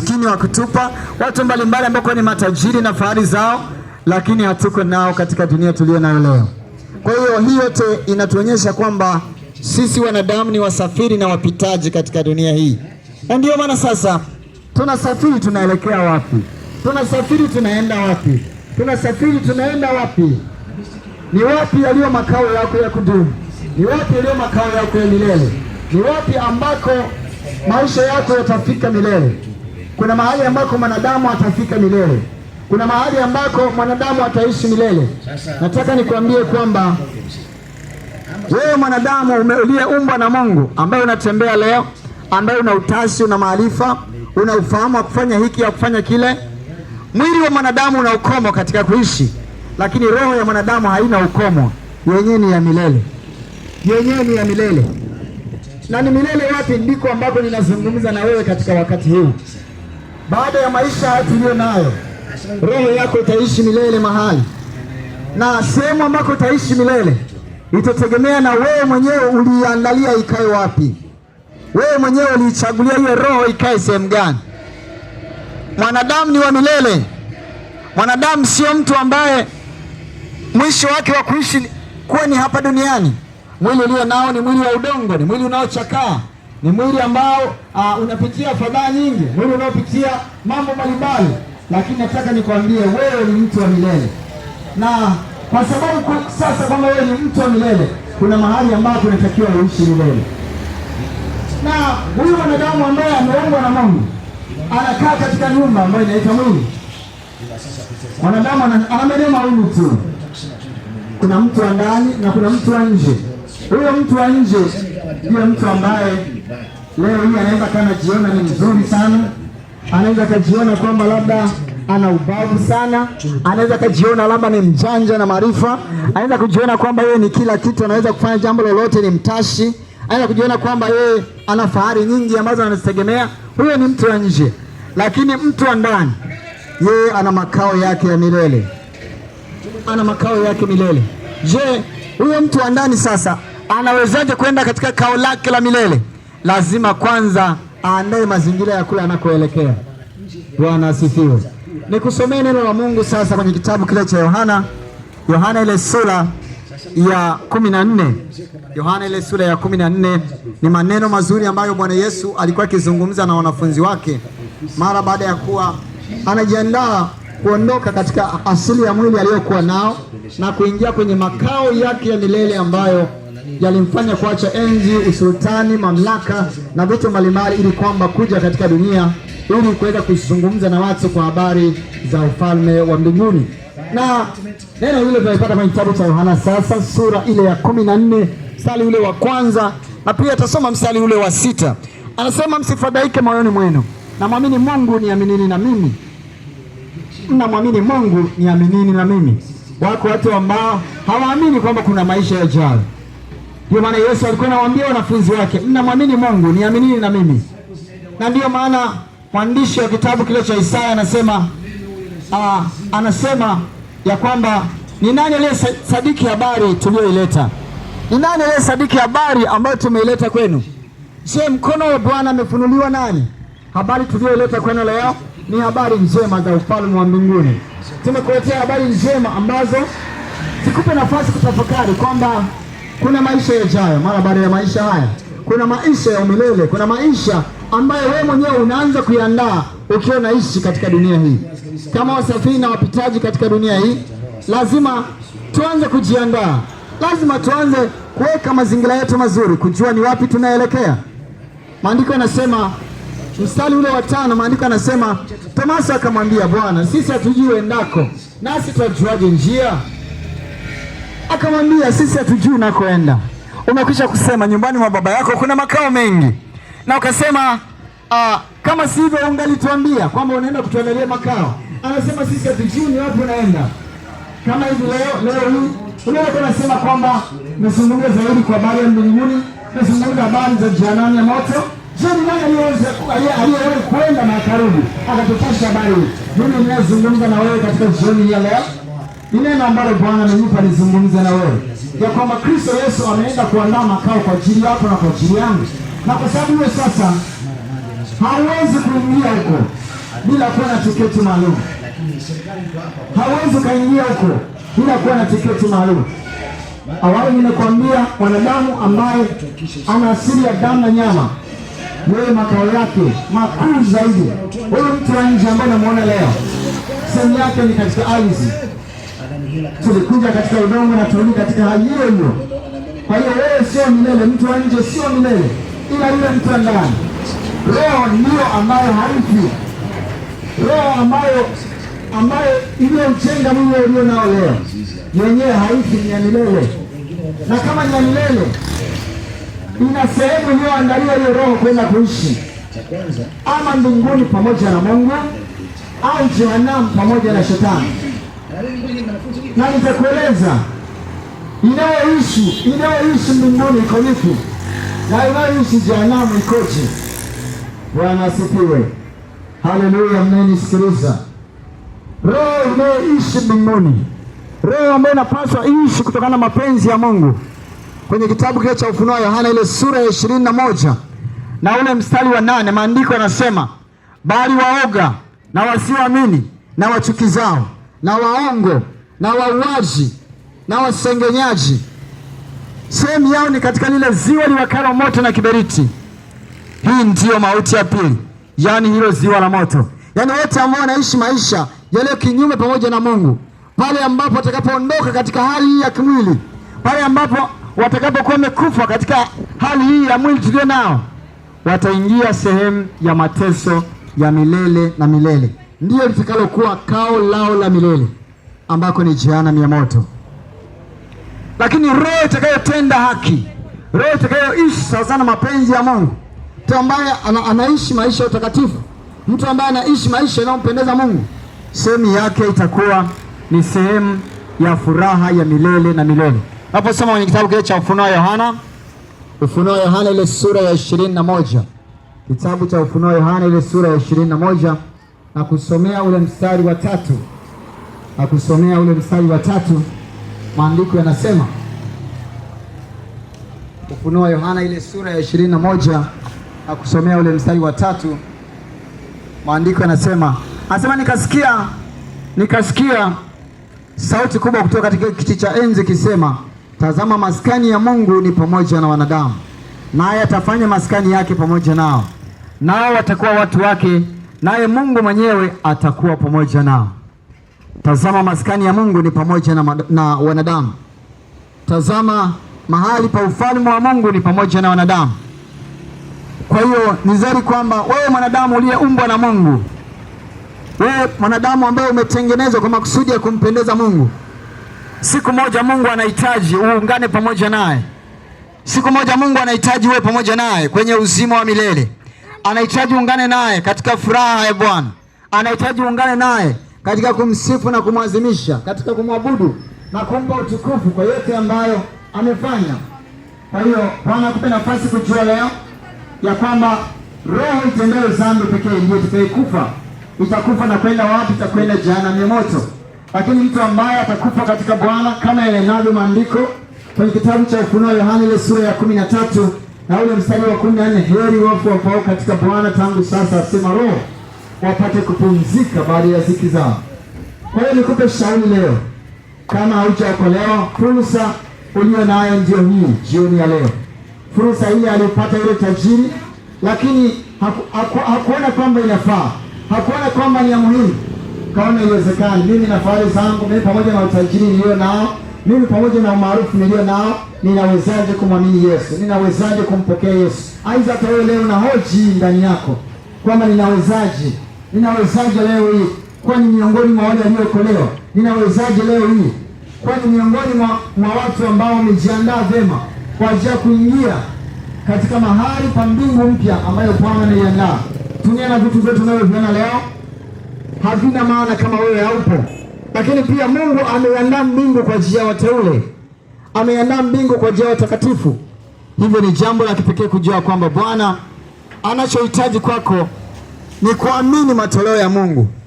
maskini wa kutupa, watu mbalimbali ambao ni matajiri na fahari zao, lakini hatuko nao katika dunia tuliyo nayo leo. Kwa hiyo hii yote inatuonyesha kwamba sisi wanadamu ni wasafiri na wapitaji katika dunia hii, na ndiyo maana sasa tunasafiri tunaelekea wapi? Tunasafiri tunaenda wapi? Tunasafiri tunaenda wapi? Ni wapi yaliyo makao yako ya kudumu? Ni wapi yaliyo makao yako ya milele? Ni wapi ambako maisha yako yatafika milele? Kuna mahali ambako mwanadamu atafika milele, kuna mahali ambako mwanadamu ataishi milele. Nataka nikuambie kwamba wewe mwanadamu uliyeumbwa na Mungu, ambaye unatembea leo, ambaye una utashi, una maarifa, una ufahamu wa kufanya hiki au kufanya kile, mwili wa mwanadamu una ukomo katika kuishi, lakini roho ya mwanadamu haina ukomo, yenyewe ni ya milele, yenyewe ni ya milele na ni milele wapi? Ndiko ambako ninazungumza na wewe katika wakati huu baada ya maisha tuliyo nayo, roho yako itaishi milele mahali, na sehemu ambako itaishi milele itategemea na wewe mwenyewe uliandalia ikae wapi. Wewe mwenyewe uliichagulia hiyo roho ikae sehemu gani? Mwanadamu ni wa milele. Mwanadamu sio mtu ambaye mwisho wake wa kuishi kuwa ni hapa duniani. Mwili ulio nao ni mwili wa udongo, ni mwili unaochakaa. Ni mwili ambao uh, unapitia fadhaa nyingi, mwili unaopitia mambo mbalimbali, lakini nataka nikwambie wewe ni mtu wa milele, na kwa sababu kwa sasa kwamba wewe ni mtu wa milele, kuna mahali ambapo unatakiwa uishi milele. Na huyu mwanadamu ambaye ameumbwa na Mungu anakaa katika nyumba ambayo inaitwa mwili. Mwanadamu anamelema huyu tu, kuna mtu wa ndani na kuna mtu wa nje. Huyo mtu wa nje Ndiye mtu ambaye leo hii anaweza akawa anajiona ni mzuri sana, anaweza akajiona kwamba labda ana ubavu sana, anaweza akajiona labda ni mjanja na maarifa, anaweza kujiona kwamba yeye ni kila kitu, anaweza kufanya jambo lolote, ni mtashi, anaweza kujiona kwamba yeye ana fahari nyingi ambazo anazitegemea. Huyo ni mtu wa nje, lakini mtu wa ndani, yeye ana makao yake ya milele, ana makao yake milele. Je, huyo mtu wa ndani sasa Anawezaje kwenda katika kao lake la milele? Lazima kwanza aandae mazingira ya kule anakoelekea. Bwana asifiwe. Nikusomee neno la Mungu sasa kwenye kitabu kile cha Yohana, Yohana ile sura ya kumi na nne. Yohana ile sura ya kumi na nne ni maneno mazuri ambayo Bwana Yesu alikuwa akizungumza na wanafunzi wake mara baada ya kuwa anajiandaa kuondoka katika asili ya mwili aliyokuwa nao na kuingia kwenye makao yake ya milele ambayo yalimfanya kuacha enzi, usultani, mamlaka na vitu mbalimbali, ili kwamba kuja katika dunia ili kuweza kuzungumza na watu kwa habari za ufalme wa mbinguni. Na neno hilo tunaipata kwenye kitabu cha Yohana sasa sura ile ya kumi na nne mstari ule wa kwanza na pia tasoma mstari ule wa sita. Anasema, msifadhaike moyoni mwenu, namwamini Mungu niaminini na mimi, mnamwamini Mungu niaminini na mimi. Wako watu ambao hawaamini kwamba kuna maisha yajayo. Ndio maana Yesu alikuwa anawaambia wanafunzi wake, mnamwamini Mungu, niaminini na mimi. Na ndiyo maana mwandishi wa kitabu kile cha Isaya anasema aa, ah, anasema ya kwamba ni nani aliye sadiki habari tuliyoileta? Ni nani aliye sadiki habari ambayo tumeileta kwenu? Je, mkono wa Bwana amefunuliwa nani? Habari tuliyoileta kwenu leo ni habari njema za ufalme wa mbinguni. Tumekuletea habari njema ambazo zikupe nafasi kutafakari kwamba kuna maisha yajayo mara baada ya maisha haya, kuna maisha ya umilele, kuna maisha ambayo wewe mwenyewe unaanza kuiandaa ukiwa unaishi katika dunia hii. Kama wasafiri na wapitaji katika dunia hii, lazima tuanze kujiandaa, lazima tuanze kuweka mazingira yetu mazuri, kujua ni wapi tunaelekea. Maandiko yanasema mstari ule wa tano, maandiko yanasema Tomaso akamwambia Bwana, sisi hatujui endako nasi tutajuaje njia? Akamwambia, sisi hatujui unakoenda, umekwisha kusema nyumbani mwa baba yako kuna makao mengi, na ukasema uh, kama sivyo ungalituambia kwamba unaenda kutuandalia makao. Anasema sisi hatujui ni wapi unaenda. Kama hivi leo leo hii unaweza kunasema kwamba nazungumza zaidi kwa habari ya mbinguni, nazungumza habari za jianani ya moto. Je, ni nani aliyeweza kwenda na akarudi akatupasha habari hii? Mimi ninazungumza na wewe katika jioni ya leo ni neno ambalo Bwana amenipa nizungumze na wewe ya kwamba Kristo Yesu ameenda kuandaa makao kwa ajili yako na kwa ajili yangu, na kwa sababu hiyo sasa hauwezi kuingia huko bila kuwa na tiketi maalum. Hauwezi ukaingia huko bila kuwa na tiketi maalum. Awali nimekuambia mwanadamu ambaye ana asili ya damu na nyama, wewe makao yake makuu zaidi, wewe mtu wa nje ambaye unamwona leo, sehemu yake ni katika ardhi tulikuja katika udongo na turudi katika hali hiyo hiyo. Kwa hiyo wewe sio milele, mtu wa nje sio milele, ila yule mtu wa ndani. Roho ndiyo ambayo haifi, roho ambayo ambayo iliyomchenga mwili ulio nao leo yenyewe haifi, ni ya milele. Na kama ni ya milele, ina sehemu iliyoandaliwa hiyo roho kwenda kuishi, ama mbinguni pamoja na Mungu au jehanamu pamoja na Shetani na nitakueleza inayoishi inayoishi mbinguni iko vipi na inayoishi jehanamu ikoje. Bwana asifiwe, haleluya. Mnayenisikiliza, roho inayoishi mbinguni, roho ambayo inapaswa iishi kutokana na mapenzi ya Mungu. Kwenye kitabu kile cha Ufunuo Yohana, ile sura ya ishirini na moja na ule mstari wa nane maandiko yanasema, bali waoga na wasioamini na wachukizao na waongo na wauaji na wasengenyaji. Sehemu yao ni katika lile ziwa liwakalo moto na kiberiti. Hii ndiyo mauti ya pili, yaani hilo ziwa la moto, yaani wote ambao wanaishi maisha yaliyo kinyume pamoja na Mungu, pale ambapo watakapoondoka katika hali hii ya kimwili, pale ambapo watakapokuwa wamekufa katika hali hii ya mwili tulio nao, wataingia sehemu ya mateso ya milele na milele ndiyo litakalokuwa kao lao la milele ambako ni jehanamu ya moto. Lakini roho itakayotenda haki, roho itakayoishi sawasawa mapenzi ya Mungu, mtu ambaye ana, anaishi maisha ya utakatifu, mtu ambaye anaishi maisha yanayompendeza Mungu, sehemu yake itakuwa ni sehemu ya furaha ya milele na milele. Naposoma kwenye kitabu kile cha Ufunuo Yohana, Ufunuo Yohana ile sura ya ishirini na moja, kitabu cha Ufunuo Yohana ile sura ya ishirini na moja nakusomea ule mstari wa tatu, nakusomea ule mstari wa tatu. Maandiko yanasema Ufunua Yohana ile sura ya ishirini na moja na kusomea ule mstari wa tatu. Maandiko yanasema anasema, nikasikia nikasikia sauti kubwa kutoka katika kiti cha enzi kisema, tazama maskani ya Mungu ni pamoja na wanadamu, naye atafanya maskani yake pamoja nao, nao watakuwa watu wake naye Mungu mwenyewe atakuwa pamoja nao. Tazama, maskani ya Mungu ni pamoja na, na wanadamu. Tazama, mahali pa ufalme wa Mungu ni pamoja na wanadamu. Kwa hiyo ni zari kwamba wewe mwanadamu uliyeumbwa na Mungu, wewe mwanadamu ambaye umetengenezwa kwa makusudi ya kumpendeza Mungu, siku moja Mungu anahitaji uungane pamoja naye. Siku moja Mungu anahitaji uwe pamoja naye kwenye uzima wa milele anahitaji ungane naye katika furaha ya Bwana, anahitaji ungane naye katika kumsifu na kumwazimisha, katika kumwabudu na kumpa utukufu kwa yote ambayo amefanya. Kwa hiyo Bwana akupe nafasi kujua leo ya kwamba roho itendayo dhambi pekee ndiyo itakayokufa. Itakufa na kwenda wapi? Itakwenda jehanamu ya moto. Lakini mtu ambaye atakufa katika Bwana kama yanenavyo maandiko kwenye kitabu cha Ufunuo Yohana ile sura ya kumi na tatu na ule mstari wa kumi na nne heri wafu wapao katika Bwana tangu sasa, asema Roho, wapate kupumzika baada ya ziki zao. Kwa hiyo nikupe shauri leo, kama haujaokolewa, fursa uliyo nayo ndio hii jioni ya leo. Fursa hii alipata yule tajiri, lakini haku, haku, hakuona kwamba inafaa, hakuona kwamba ni ya muhimu, kaona iwezekani. Mimi na fahari zangu, mimi pamoja na utajiri niliyo nao mimi pamoja na umaarufu nilio nao, ninawezaje kumwamini Yesu? Ninawezaje kumpokea Yesu? Aidha, hata wewe leo na hoji ndani yako kwamba ninawezaje, ninawezaje leo hii kwani miongoni mwa wale waliokolewa? Ninawezaje leo hii kwani miongoni mwa, mwa watu ambao wamejiandaa vyema kwa ajili ya kuingia katika mahali pa mbingu mpya ambayo Bwana ameiandaa. tunia na vitu vyetu tunavyoviona leo havina maana kama wewe haupo. Lakini pia Mungu ameandaa mbingu kwa ajili ya wateule, ameandaa mbingu kwa ajili ya watakatifu. Hivyo ni jambo la kipekee kujua kwamba Bwana anachohitaji kwako ni kuamini matoleo ya Mungu.